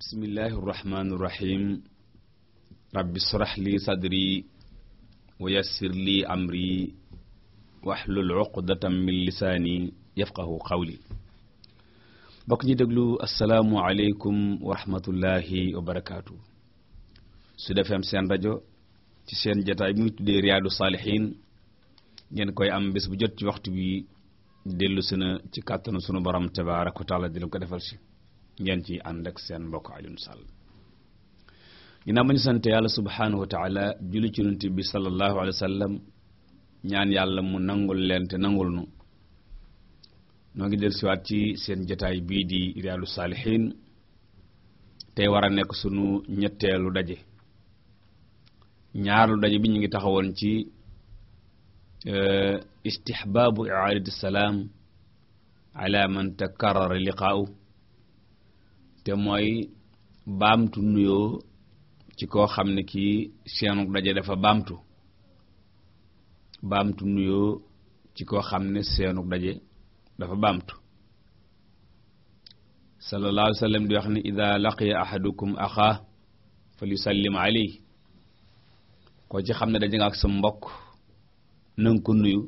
bismillahi irrahmani irrahim rabbi srah li sadri wa yassir li amri wahlul uqdatan min lisaani yafqahu qawli bokk ñi déglu seen rajo ci seen jataay bi ñu tuddee riyaadu saalihiin ngeen koy am bés bu jot ci waxtu bi dellu si na ci kàttanu sunu borom tabaaraka wa taala ko defal si ngeen ci ànd ak seen mbokk Alioune Sall ginnaaw ba ñu sant yàlla subhaanahu wa taala julli ci yonent bi sallallahu alayhi wa sallam ñaan yàlla mu nangul leen te nangul nu noo ngi del siwaat ci seen jataay bii di riyaadu saalihiin tey war a nekk sunu ñetteelu daje ñaareelu daje bi ñu ngi taxawoon ci euh, istihbaabu i'aadati salaam ala man takarrara liqaa'u te mooy baamtu nuyoo ci koo xam ne kii seenu daje dafa baamtu baamtu nuyoo ci koo xam ne seenu daje dafa baamtu sallallahu alayhi wa sallam di wax ne ida laqiya ahadukum axaa falyusallim alayhi koo ci xam ne daje nga ak sa mbokk nang ko nuyu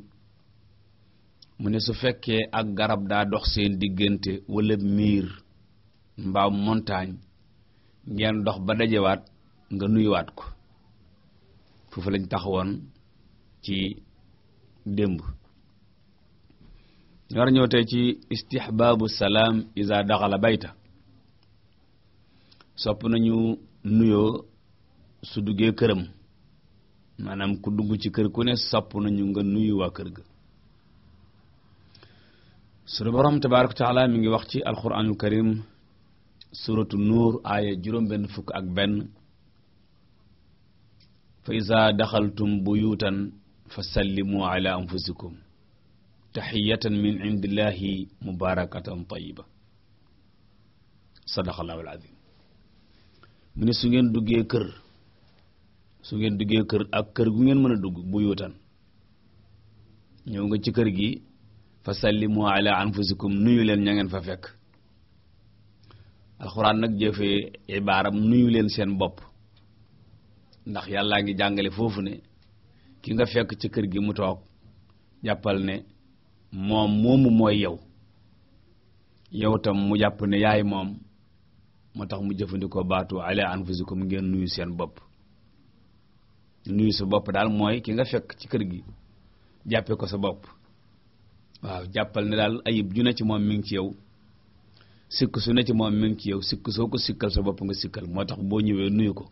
mu ne su fekkee ak garab daa dox seen diggante wala miir mbaam montagne ngeen dox ba dajewaat nga nuyuwaat ko foofu lañ woon ci démb ñu war a tey ci istihbaabu salaam iza daxala bayta sopp nañu nuyoo su duggee këram maanaam ku dugg ci kër ku ne sopp nañu nga nuyu waa kër ga sunu borom tabaaraka wa taala mi ngi wax ci alquranul karim suratu nuur aaya juróom benn fukk ak benn fa iza daxaltum buyutan fa sallimu ala anfusikum taxiyatan min indillahi mubarakatan mu ne su ngeen duggee kër su ngeen duggee kër ak kër gu ngeen mën a dugg buyutan ñëw nga ci kër gi fa sallimu ala anfusikum nuyu leen ña ngeen fa fekk alxuraan nag jëfee ibaaram nuyu leen seen bopp ndax yàllaa ngi jàngale foofu ne ki nga fekk ci kër gi mu toog jàppal ne moom moomu mooy yow yow tam mu jàpp ne yaay moom moo tax mu jëfandikoo baatu ala anfusikum ngeen nuyu seen bopp nuyu sa bopp daal mooy ki nga fekk ci kër gi jàppe ko sa bopp waaw jàppal ne daal ayib ju ci moom mi ngi ci yow sikk su ne ci moom mi ngi ci yow soo ko sikkal sa bopp nga sikkal moo tax boo ñëwee nuyu ko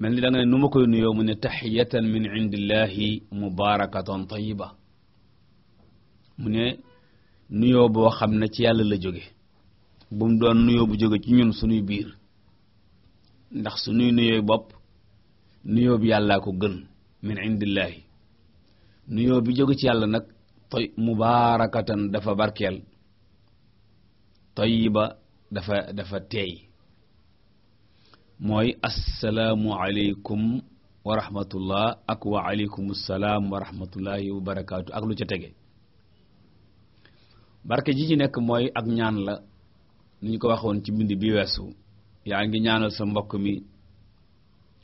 mel ni da ne nu ma koy nuyoo mu ne taxiyatan min indillahi mubarakatan tayiba mu ne nuyoo boo xam ne ci yàlla la jóge bu mu doon nuyoo bu jóge ci ñun suñuy biir ndax su nuy nuyooy bopp nuyoo bi yàllaa ko gën min indillahi nuyoo bi jóge ci yàlla nag tay mubaarakatan dafa barkeel tayiba dafa dafa teey mooy asalaamualeykum wa rahmatullah ak wa aleykum salaam wa rahmatullahi wa barakaatu ak lu ca tege barke ji ci nekk mooy ak ñaan la ni ñu ko waxoon ci mbind bi weesu yaa ngi ñaanal sa mbokk mi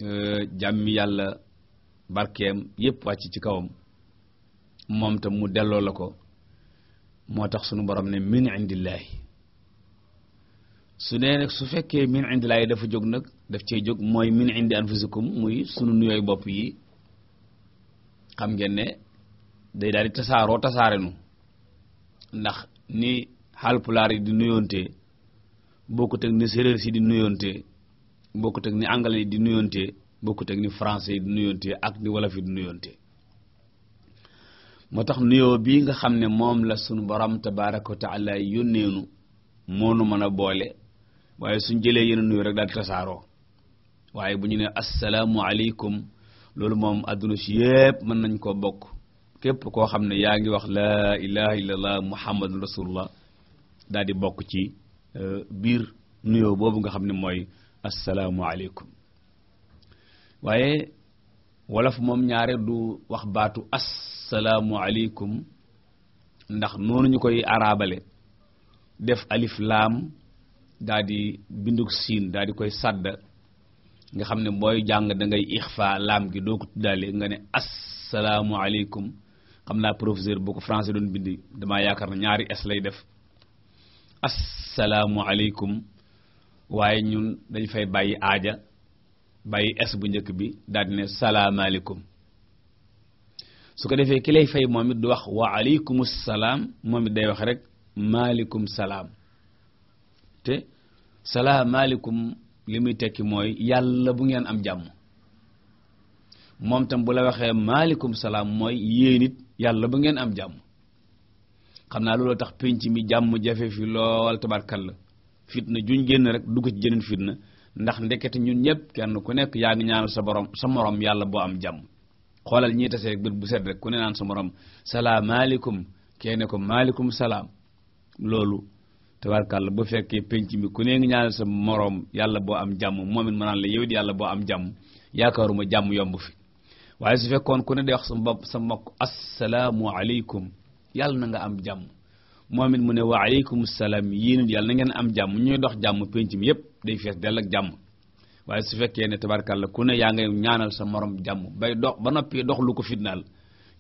euh, jàmm yàlla barkeem yépp wàcc ci kawam moom tam mu delloo la ko moo tax sunu borom ne min indillahi su nee nag su fekkee min indi laay dafa jóg nag daf cee jóg mooy min indi anfusikum muy sunu nuyooy bopp yi xam ngeen ne day daal di tasaaroo tasaare nu ndax ni xaalpulaar yi di nuyoontee boo ko ni séeréer si di nuyoontee bokkut ak ni anglais yi di nuyoontee bokkut ak ni français di nuyoontee ak ni wolof yi di nuyoontee moo tax nuyoo bi nga xam ne moom la sunu borom tabaaraka wa taala yónneenu moo nu mën a boole waaye suñ jëlee yenn nuyu rek daal tasaaroo waaye bu ñu nee asalaamualeykum loolu moom adduna si yépp mën nañ koo bokk képp koo xam ne yaa ngi wax laa ilaha illallah muhammadun rasulullah daal bokk ci euh, biir nuyoo boobu nga xam ne mooy asalaamualeykum waaye wolof moom ñaare du wax baatu asalaamualeykum ndax noonu ñu koy araabale def alif laam daal di bindug siin daal di koy sàdd nga xam ne mooy jàng da ngay ixfa laam gi doo ko tuddaale nga ne asalaamualeykum xam naa professeur boo ko français doon bind damaa yaakaar na ñaari es lay def asalaamualeykum waaye ñun dañ fay bàyyi aaja bàyyi es bu njëkk bi daal di ne salaamaaleykum su ko defee ki lay fay moom it du wax wa aleykumus salaam moom it day wax rek maaleykum salaam salaamaaleykum li muy tekki mooy yàlla bu ngeen am jàmm moom tam bu la waxee maaleykum salaam mooy yéen it yàlla bu ngeen am jàmm xam naa looloo tax penc mi jàmm jafe fi lool tabarkalla fitna juñ génn rek dugg ci jëneen fitna ndax ndekete ñun ñëpp kenn ku nekk yaa ngi ñaanal sa borom sa morom yàlla boo am jàmm xoolal ñii tase rek bu set rek ku ne naan sa morom salaamaaleykum kee ne ko maaleykum salaam loolu tabarkàlla bu fekkee penc mi ku ne nga ñaanal sa moroom yàlla boo am jàmm moom it la yàlla boo am jàmm yaakaaruma jàmm yomb fi su fekkoon ku ne day wax sa bopp sa mbokk assalaamu aleykum yàlla na nga am jàmm moom it mu ne wa aleykum salaam yéen yàlla ngeen am jàmm ñuy dox jàmm penc mi yépp day fees dell ak jàmm waaye su fekkee ne tabarkàlla ku ne yaa ngay ñaanal sa moroom jàmm bay dox ba noppi dox lu ko fitnaal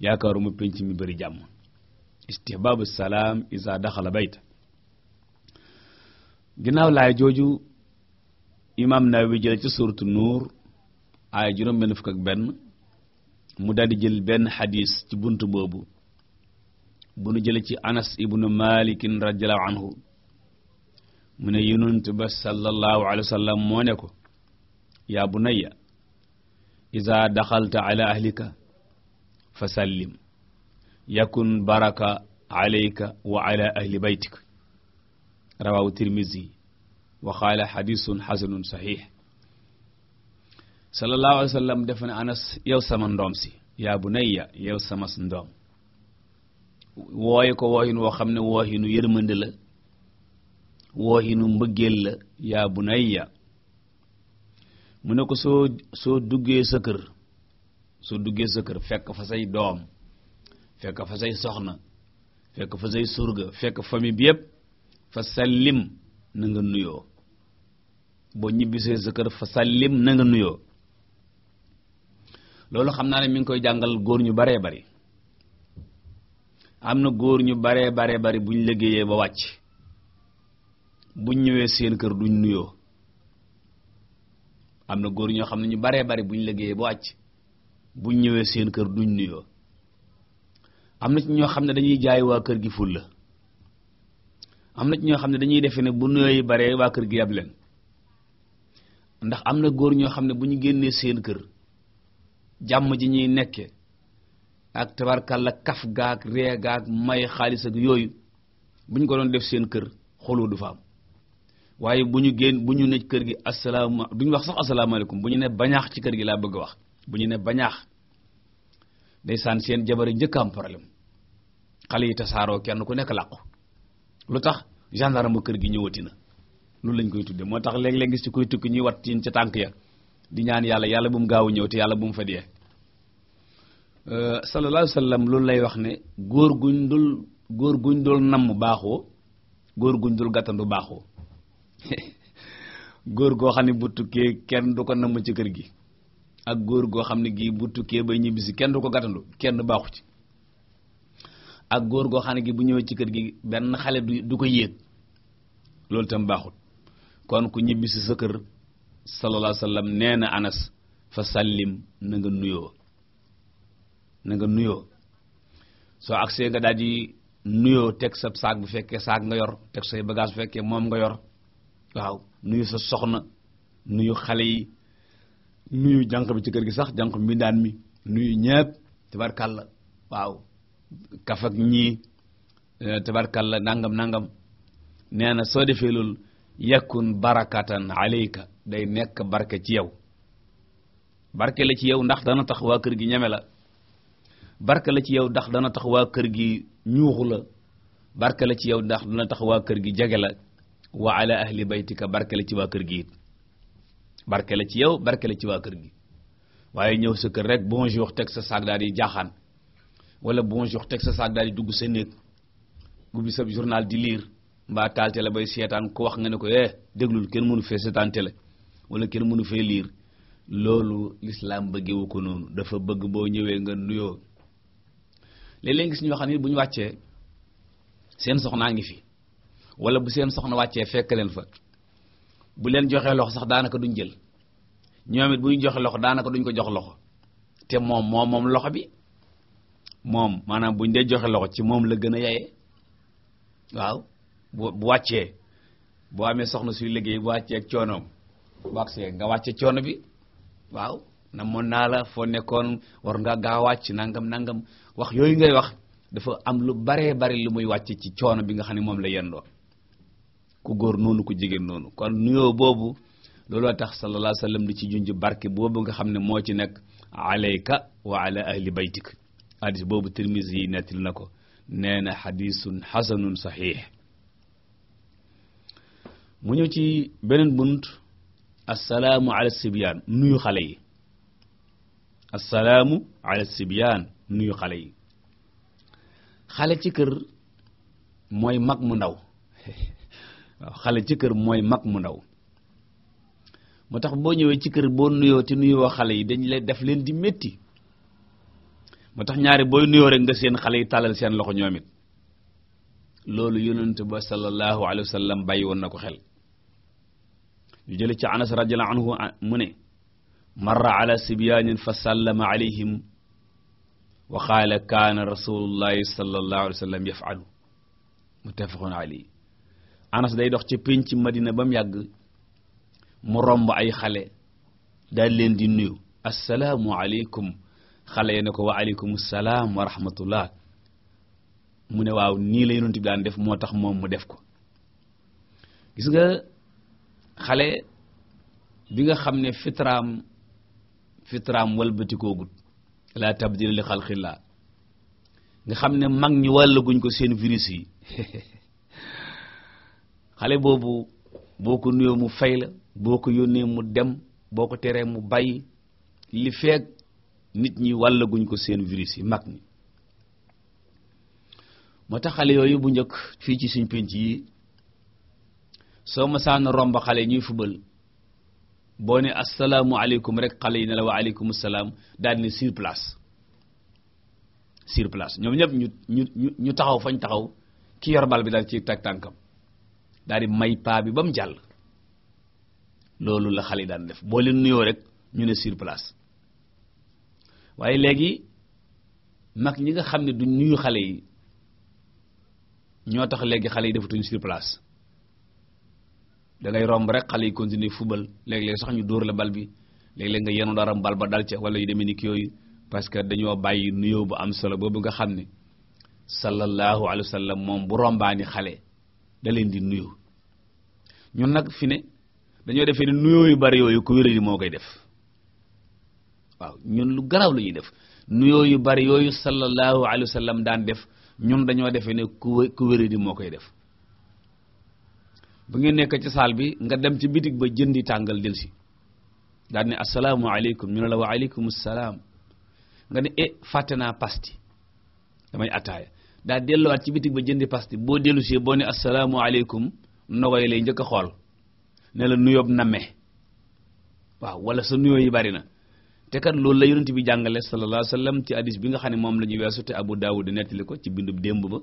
yaakaaruma penc mi bari jàmm istihbaabu salaam isa daxala bayta ginnaaw laay jooju imaam Nawawi jële ci suuratu nuur aaya juróom benn fukk benn mu daldi jël benn xadiis ci bunt boobu bu jële ci anas ibnu malikin radiyallahu anhu mu ne yonent ba sallallahu alayhi wa sallam moo ne ko yaa bunayya ala ahlika fa sallim yakun baraka alayka wa ala ahli baytika rawaahu tirmizi wa qaala xadisun xasanun saxiix sallallahu alayhi wa sallam def anas yow sama ndoom si yaa bunayya yow sama ndoom wooye ko wooyin woo xam ne wooyinu yërmande la wooyinu mbëggeel la yaa bunayya mu ne ko soo soo duggee sa kër soo duggee sa kër fekk fa say doom fekk fa say soxna fekk fa say surga fekk famille bi yépp fa sallim na nga nuyoo boo ñibbisee sa kër fa sallim na nga nuyoo loolu xam naa ne mi ngi koy jàngal góor ñu baree bari am na góor ñu baree bare bari bu ñu liggéeyee ba wàcc buñ ñëwee seen kër duñ nuyoo am na góor ñoo xam ne baree bari bu ñu ba wàcc buñ ñëwee seen kër duñ nuyoo am na ci ñoo xam ne dañuy jaay waa kër gi fulla am na ci ñoo xam ne dañuy defe ne bu nooyi baree waa kër gi yab leen ndax am na góor ñoo xam ne bu ñu génnee seen kër jàmm ji ñuy nekke ak tabarkalla kaf gaak ree gaak may xaalis ak yooyu bu ñu ko doon def seen kër xoloo du fa am waaye bu ñu génn bu ñu ne kër gi asalaama du wax sax asalaamaaleykum bu ñu ne bañaax ci kër gi laa bëgg a wax bu ñu ne bañaax ndeysaan seen jabar yi njëkk am problème xale yi tasaaroo kenn ku nekk làqu lu tax gendarme kër gi ñëwati na loolu lañ koy tuddee moo tax léeg-léeg gis ci koy tukki ñuy wat ci ca tànk ya di ñaan yàlla yàlla bu mu gaaw ñëw te yàlla bu mu fa dee euh, sallallahu alayhi wasallam loolu lay wax ne góor guñ dul góor guñ dul namm baaxoo góor guñ dul gàttandu baaxoo góor goo xam ne bu tukkee kenn du ko namm ci kër gi ak góor goo xam ne gii bu tukkee ba ñibbisi kenn du ko gàttandu kenn baaxu ci ak góor goo xam ne gi bu ñëwee ci kër gi benn xale du du ko yéeg loolu tam baaxut kon ku ñibbisi sa kër sallallahu alayhi wasallam nee na anas fa sallim na nga nuyoo na nga nuyoo soo agsee nga daal di nuyoo teg sa saak bu fekkee saak nga yor teg say bagage bu fekkee moom nga yor waaw nuyu sa soxna nuyu xale yi nuyu jànq bi ci kër gi sax jànq bi daan mi nuyu ñépp tabarkàlla waaw kaf ak ñii eh, tabarkalla nangam nangam nee na soo defee loolu yakun barakatan alayka nekk barke ci yow barke la ci yow ndax dana tax waa kër gi ñeme la barke la ci yow ndax dana tax waa kër gi ñuuxu barke la ci yow ndax dana tax kër gi jege la wa ala ahli baytika barke la ci waa kër gi it barke la ci yow barke la ci waa kër gi waaye ñëw sa kër rek bonjour teg sa saag daal di jaaxaan wala bonjour teg sa saak dugg sa néeg ubbi sa journal di lire mbaa taal seetaan ko wax nga ne ko eh déglul kenn mënu fee seetaan télé wala kenn mënu fee lire loolu l'islam bëggewu ko noonu dafa bëgg boo ñëwee nga nuyoo léeg-léeg gis ñoo xam bu ñu wàccee seen soxnaa ngi fi wala bu seen soxna wàccee fekk leen fa bu leen joxee loxo sax daanaka duñ jël ñoom it bu ñu loxo daanaka duñ ko jox loxo te moom moom moom loxo bi moom maanaam buñ dee joxe loxo ci moom la gën a yaye waaw bu bu wàccee boo amee soxna suy liggéey bu wàccee ak coonoom wàccee nga wàcce coono bi waaw na moon naa la foo nekkoon war nga gaa wàcc nangam nangam wax yooyu ngay wax dafa am lu baree bari lu muy wàcce ci coono bi nga xam ne moom la yendoo ku góor noonu ku jigéen noonu kon nuyoo boobu looloo tax sallallahu alayhi wasallam di ci junj barke boobu nga xam ne moo ci nekk alayka wa ala ahli baytik hadis boobu Tirmizi yi nettali na ko nee na hadisun hasanun sahih mu ñëw ci beneen bunt assalaamu ala sibyaan nuyu xale yi assalaamu ala sibyaan nuyu xale yi xale ci kër mooy mag mu ndaw waaw xale ci kër mooy mag mu ndaw moo tax boo ñëwee ci kër boo nuyoo ti nuyoo xale yi dañ lay def leen di metti moo tax ñaari booy nuyoo rek nga seen xale yi tàllal seen loxo ñoom it loolu yonent ba sallallahu alayhi wa sallam bàyyi woon na ko xel ñu jële ci anas radiyallahu anhu mu ne marra ala sibyaanin fa sallama alayhim wa qaala kaana rasulullahi sallallahu alayhi wa sallam anas day dox ci ci madina ba mu yàgg mu romb ay xale daal leen di nuyu assalaamu alaykum xale yi ne ko wa aleykum salaam wa mu ne waaw nii la yonent bi daan def moo tax moom mu def ko gis nga xale bi nga xam ne fitraam fitraam walbatikoogut laa tabdila li xalqillah nga xam ne mag ñi wàllaguñ ko seen virus yi xale boobu boo ko nuyoo mu fay la boo ko yónnee mu dem boo ko teree mu bay li feeg nit ñi wàllaguñ ko seen virus yi mag ñi moo tax xale yooyu bu njëkk fii ci suñ pénc yi soo masaan romb xale ñuy fubal boo ne assalaamu aleykum rek xale yi ne la wa aleykum salaam daal ne place sur ñoom ñu taxaw fañ taxaw ki yor bi daal ci tag tànkam daal di may paa bi ba mu jàll loolu la xale yi daan def boo leen nuyoo rek ñu ne sur place waaye léegi nag ñi nga xam ne duñ nuyu xale yi ñoo tax léegi xale yi defatuñ sur place da ngay romb rek xale yi continuer football léegi léeg sax ñu dóor la bal bi léeg-léeg nga yenu daram bal ba dal ca wala yu demee ni ki yooyu parce que dañoo bàyyi nuyoo bu am solo boobu nga xam ne sallallahu alayhi wa sallam moom bu rombaani xale da leen di nuyu ñun nag fi ne dañoo defee ni nuyoo yu bari yooyu ku yi moo koy def waaw ñun lu garaaw la ñuy def nuyoo yu bari yooyu sallallahu alayhi wa sallam daan def ñun dañoo defee ne ku ku di moo koy def bu ngeen nekk ci saal bi nga dem ci bitig ba jëndi tàngal del si daan ne assalaamu aleykum ñu la wa aleykum salaam nga ne e fàtte naa pasti damay attaaya daa delluwaat ci bitig ba jëndi pasti boo dellusee boo ne assalaamu aleykum nogoy lay njëkk a xool ne la nuyoob name waaw wala sa nuyoo yi bari na te kat loolu la yonent bi jàngale sallallahu alayhi ci hadis bi nga xam ne moom la ñu weesu te Abu nettali ko ci bindub démb ba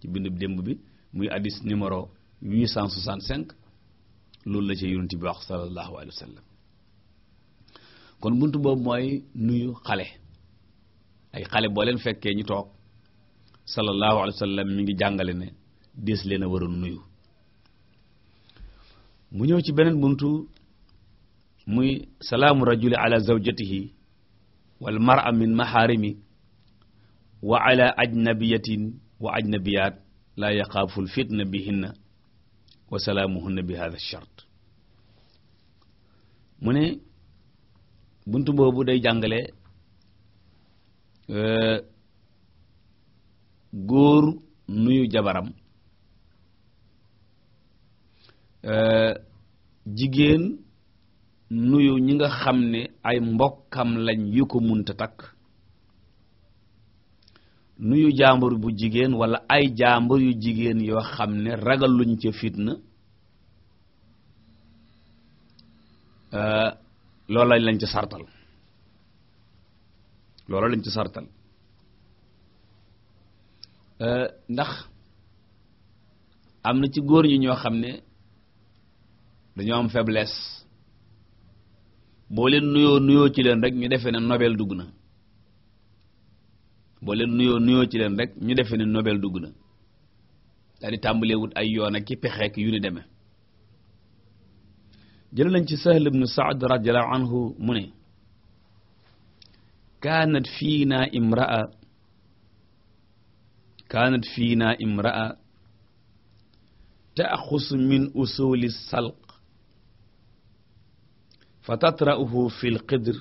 ci bindu démb bi muy hadis numéro 865 loolu la ci yonent bi wax sallallahu alayhi wasallam kon buntu boobu mooy nuyu xale ay xale boo leen fekkee ñu toog sallallahu alayhi wasallam mi ngi jàngale ne des leen a war nuyu mu ñëw ci beneen buntu muy salaamu rajuli ala zawjatihi wal mar'a min maharimi wa ala ajnabiyatin wa ajnabiyat la yaxaafu l fitna bihinna wa salaamuhunna bi hadha shart mu ne buntu boobu day jàngale euh, góor nuyu jabaram euh, jigéen nuyu ñi nga xam ne ay mbokkam lañ yu ko munta takk nuyu jaambur bu jigéen wala ay jaambur yu jigéen yoo xam ne ragal luñ ca fitna euh, loola lañ ca sartal loola lañ ca sartal euh, ndax am na ci góor ñi ñoo xam ne dañoo am faiblesse boo leen nuyoo nuyoo ci leen rek ñu defee na nobel dugg na boo leen nuyoo nuyoo ci leen rek ñu defee ne nobel dugg na daal di tàmbalee wut ay yoon ak ki pexeek yu ni deme jël nañ ci Sahl ibn Sa'd radiyallahu anhu mu ne kaanat fiina imra'a kaanat fiina imra'a ta'xusu min usuli salq fa tatra'uhu fi lqidr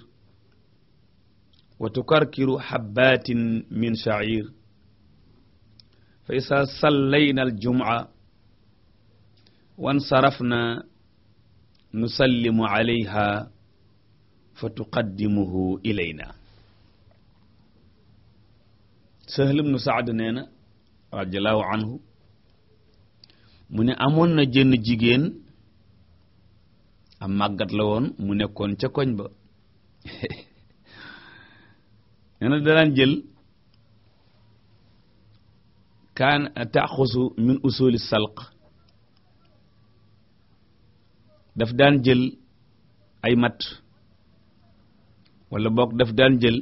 wa tukarkiru xabbatin min sha'ir fa isa sallayna aljum'a wa nsarafna nusallimu alayha fa tuqaddimuhu ilayna Sahl ibn Sa'd nee na radiyallahu anhu mu ne amoon na jënn jigéen am màggat la woon mu nekkoon ca koñ ba nee na jël kaan taxusu min usuli salq daf daan jël ay mat wala boog daf daan jël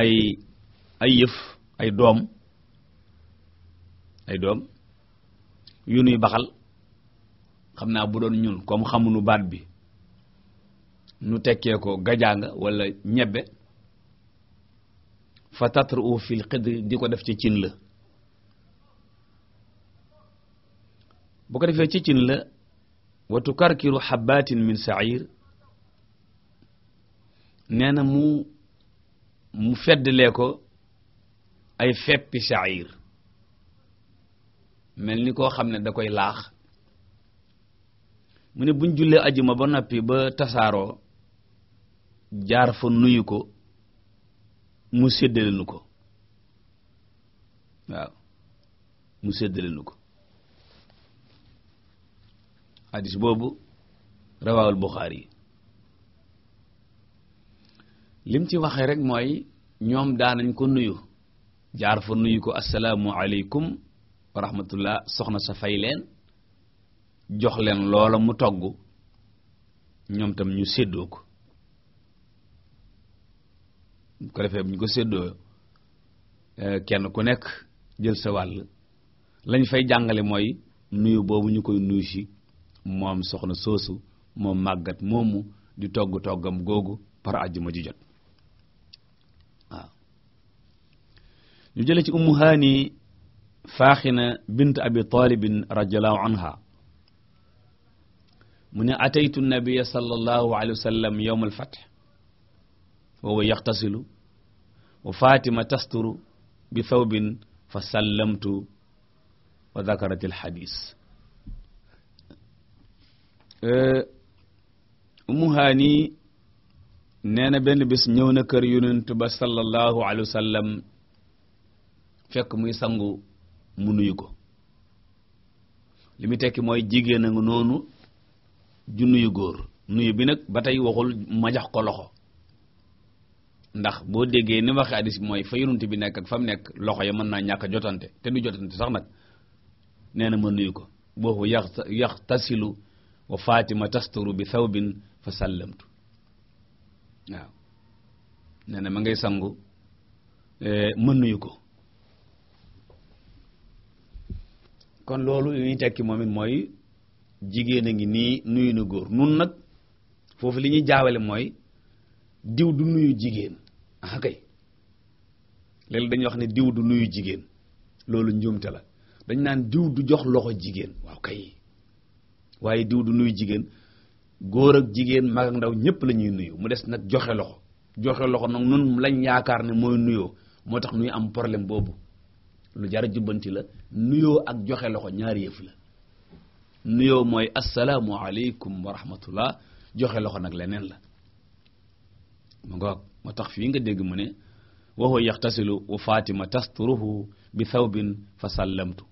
ay ay yëf ay doom ay doom yu nuy baxal xam naa bu doon ñun comme xamuñu baat bi nu tekkee ko gajaanga wala ñebbe fa tatru fil xidri di ko def ci cin la bu ko defee ci cin la wa tukarkiru xabbatin min sa'ir nee na mu mu feddlee ko ay feppi sa'ir mel ni koo xam ne da koy laax mu ne buñ jullee ajuma ba noppi ba tasaaroo jaar fa nuyu ko mu séddale nu ko waaw mu séddale ko hadis boobu rawaawul Buxaari lim ci waxee rek mooy ñoom daanañ ko nuyu jaar fa nuyu ko asalaamu aleykum wa rahmatullah soxna sa fay leen jox leen loola mu togg ñoom tam ñu seddoo ko bu ko defee bu ñu ko séddoo eh, kenn ku nekk jël sa wàll lañ fay jàngale mooy nuyu boobu ñu koy nuyu si moom soxna soosu moom màggat moomu di togg toggam googu par ma ji jot waaw ñu jële ci ummu haani faaxina bint abi taalibin radiallahu anha mu ne ataytu nabia sallallahu alayhi wa sallam yowm alfath wa huwa yaxtasilu wa fatima tasturu bi thawbin fa sallamtu wa dhakarat alhadis Ummu Haani nee na benn bis ñëw na kër yonent ba sallallahu alayhi wa sallam fekk muy sangu mu nuyu ko li mu mooy jigéen a ju nuyu góor nuyu bi nag ba tey waxul ma jax ko loxo ndax boo déggee ni waxe hadis mooy fa yonent bi nekk ak fa mu nekk loxo ya mën naa ñàkk a jotante te du jotante sax nag nee na ma nuyu ko boobu yax yax tasilu wa fatima tasturu bi thawbin fa sallamtu waaw nee na ma ngay sangu eh, ma nuyu ko kon loolu yuy tekki moom it mooy jigéen a ngi nii nuyu na góor nun nag foofu li ñuy jaawale mooy diw du nuyu jigéen ah kay léegi dañuy wax ne diw du nuyu jigéen loolu njuumte la dañ naan diw du jox loxo jigéen waaw kay waaye diw du nuyu jigéen góor ak jigéen mag ndaw ñépp la ñuy nuyu mu des nag joxe loxo joxe loxo nag lañ yaakaar ne mooy nuyoo moo tax nuy am problème boobu lu jar a jubbanti la nuyoo ak joxe loxo ñaari yëf la nuyoo mooy asalaamualeykum wa rahmatullah joxe loxo nag leneen la mu ngoog moo tax fii nga dégg mu ne waxu yaxtasilu wa fatima tasturuhu bi thawbin fa sallamtu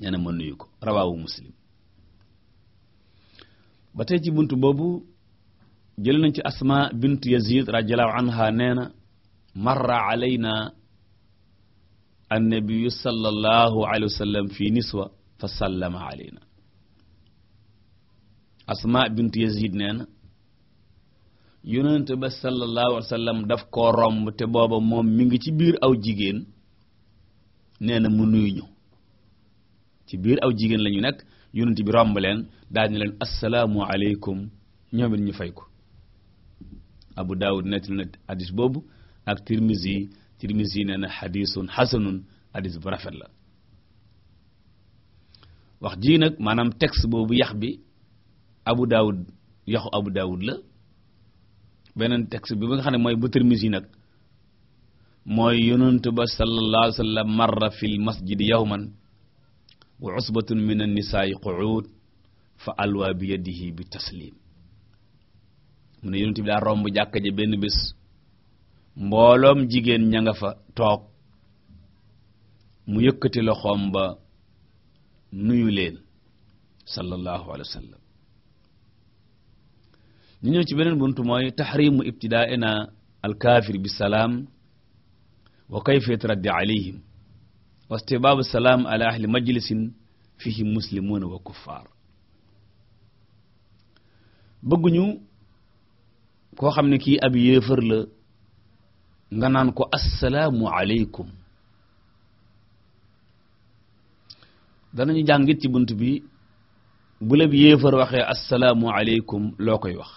nee na ma nuyu ko rawaawu muslim ba tey ci bunt boobu jël nañ ci asma bint yazid radiallahu anha nee na marra alayna annabiyu sallallahu alayhi wa sallam fi niswa fa sallama alayna asma bint yazid nee na yonent ba sallallahu alayhi wa sallam daf koo romb te booba moom mi ngi ci biir aw jigéen nee na mu nuyuñu ci biir aw jigéen la ñu nekk yonent bi romb leen daal ne leen assalaamu aleykum ñoom it ñu fay ko abu daawud netti na hadis boobu ak tirmisi tirmisi nee na hadisun hasanun hadis bu rafet la wax jii nag maanaam texte boobu yax bi Abu Dawud yaxu Abu Dawud la beneen texte bi nga xam ne mooy bu Tirmisi nag mooy yonant ba sallallahu alayhi wa sallam marra fil masjidi yawman wa usbatun min an-nisaa qu'ud fa alwa bi yadihi bi taslim mu ne yonent bi daa romb jàkka ja benn bés mbooloom jigéen ña nga fa toog mu yëkkati loxoom ba nuyu leen sallallahu alayhi wa sallam ñu ci beneen buntu mooy taxrimu ibtidaa'ina alkaafir bi salaam wa kayfiyat raddi alayhim wa istibaabu salaam ala ahli majlisin fihi muslimuuna wa kuffaar bëgguñu koo xam ne kii ab yéefar la nga naan ko assalaamu aleykum danañu jàngit ci bunt bi bu léb yéefar waxee assalaamu aleykum loo koy wax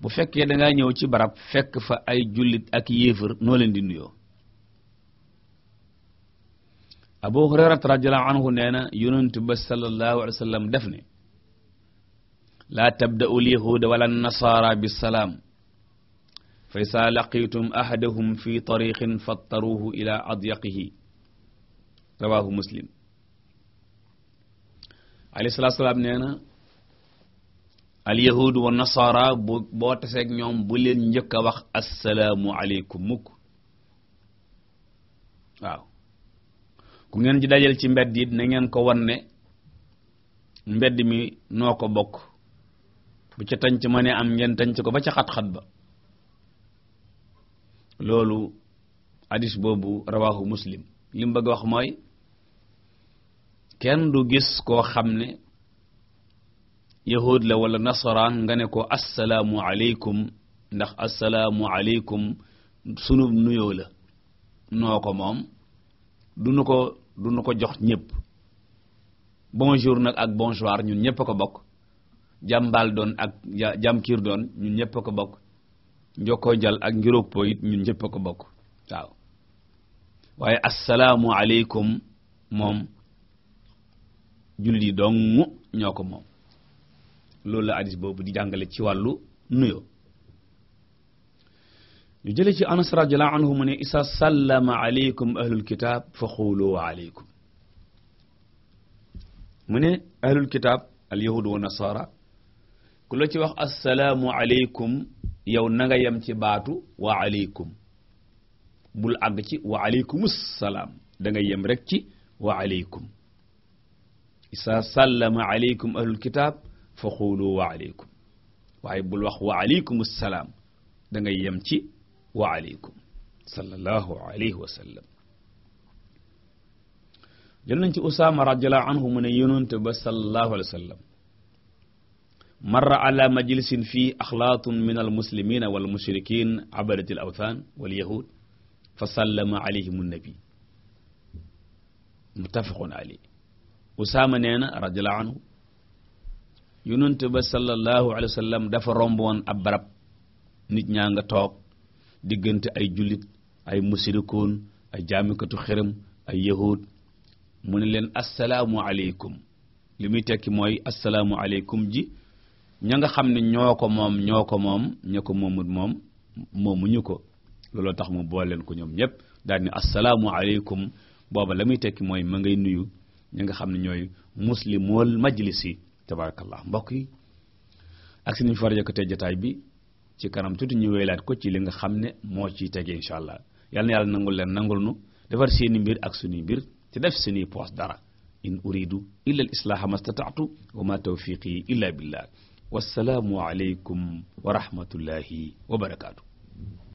bu fekkee dangaa ñëw ci barab fekk fa ay jullit ak yéefar noo leen di nuyoo abu hurayrat radiyallahu anhu nee na ba sallallahu alayhi wa sallam def ne laa tabda'u lyahuuda wala nasaara bisalaam fa isaa laqitum ahadahum fi tariqin fattaruuhu ila adyaqihi rawaahu muslim alayhi salaatu salaam nee na al wa nasaara bu boo taseeg ñoom bu leen njëkk a wax assalaamu aleykum mukk waaw ku ngeen ci dajal ci mbedd yi na ngeen ko wan mbedd mi noo ko bokk bu ca tànc ma ne am ngeen tànc ko ba ca xat-xat ba loolu hadis boobu rawaahu muslim li mu bëgg wax mooy kenn du gis koo xam ne yahud la wala nasaraan nga ne ko assalaamu aleykum ndax assalaamu aleykum sunu nuyoo la noo ko moom du nu ko du nu ko jox ñépp bonjour nag ak bonsoir ñun ñëpp a ko bokk jàmbaal doon ak ko bokk njokkoo jal ak ngiróppo it ñun ñëpp a ko bokk waaye assalaamu aleykum moom jullit yi dong ñoo ko moom loolu la hadis boobu di jàngale ci wàllu nuyoo ñu jële ci anas radiyallahu anhu mu ne isa sallama aleykum ahlul kitaab fa xuulu aleykum mu ne ahlul kitaab al wa nasara ku la ci wax assalaamu aleykum yow na nga yem ci baatu wa aleykum bul àgg ci wa aleykumus salaam da yem rek ci wa aleykum isaa sallama aleykum ahlul kitaab fa xuulu wa aleykum waaye bul wax wa aleykum salaam da ngay yem ci wa aleykum sallallahu alayhi wa sallam jël nañ ci usaama radiallahu anhu mu ne yonente ba sallallahu alayhi wa sallam marra ala majlisin fii axlaatun min almuslimina wal mushrikin abadati al awthan wal yahud fa sallama alayhim nnabi muttafaqun alayh Usaama nee na radiyallahu anhu yonent ba sallallahu alayhi wa sallam dafa romb woon ab barab nit ñaa nga toog diggante ay jullit ay musirikoon ay jaamikatu xërëm ay yahuud mu ne leen assalaamu aleykum li muy tekki mooy assalaamu aleykum ji ña nga xam ne ñoo ko moom ñoo ko moom ña moomut moom moomuñu ko looloo tax mu boole ko ñoom ñëpp daal ni assalaamu aleykum booba la muy tekki mooy ma ngay nuyu ñi nga xam ne ñooy muslimool majlis yi tabarakallah mbokk yi ak si nañ fara yokkatee jotaay bi ci kanam tuuti ñu wéylaat ko ci li nga xam ne moo ciy tege incha allah yal yàlla nangu leen nangul nu defar seeni mbir ak suñuy mbir te def seeni poos dara in uridu illa al islaaha ma stataatu wa ma tawfiqi illa billah wassalaamu aleykum wa wa barakaatu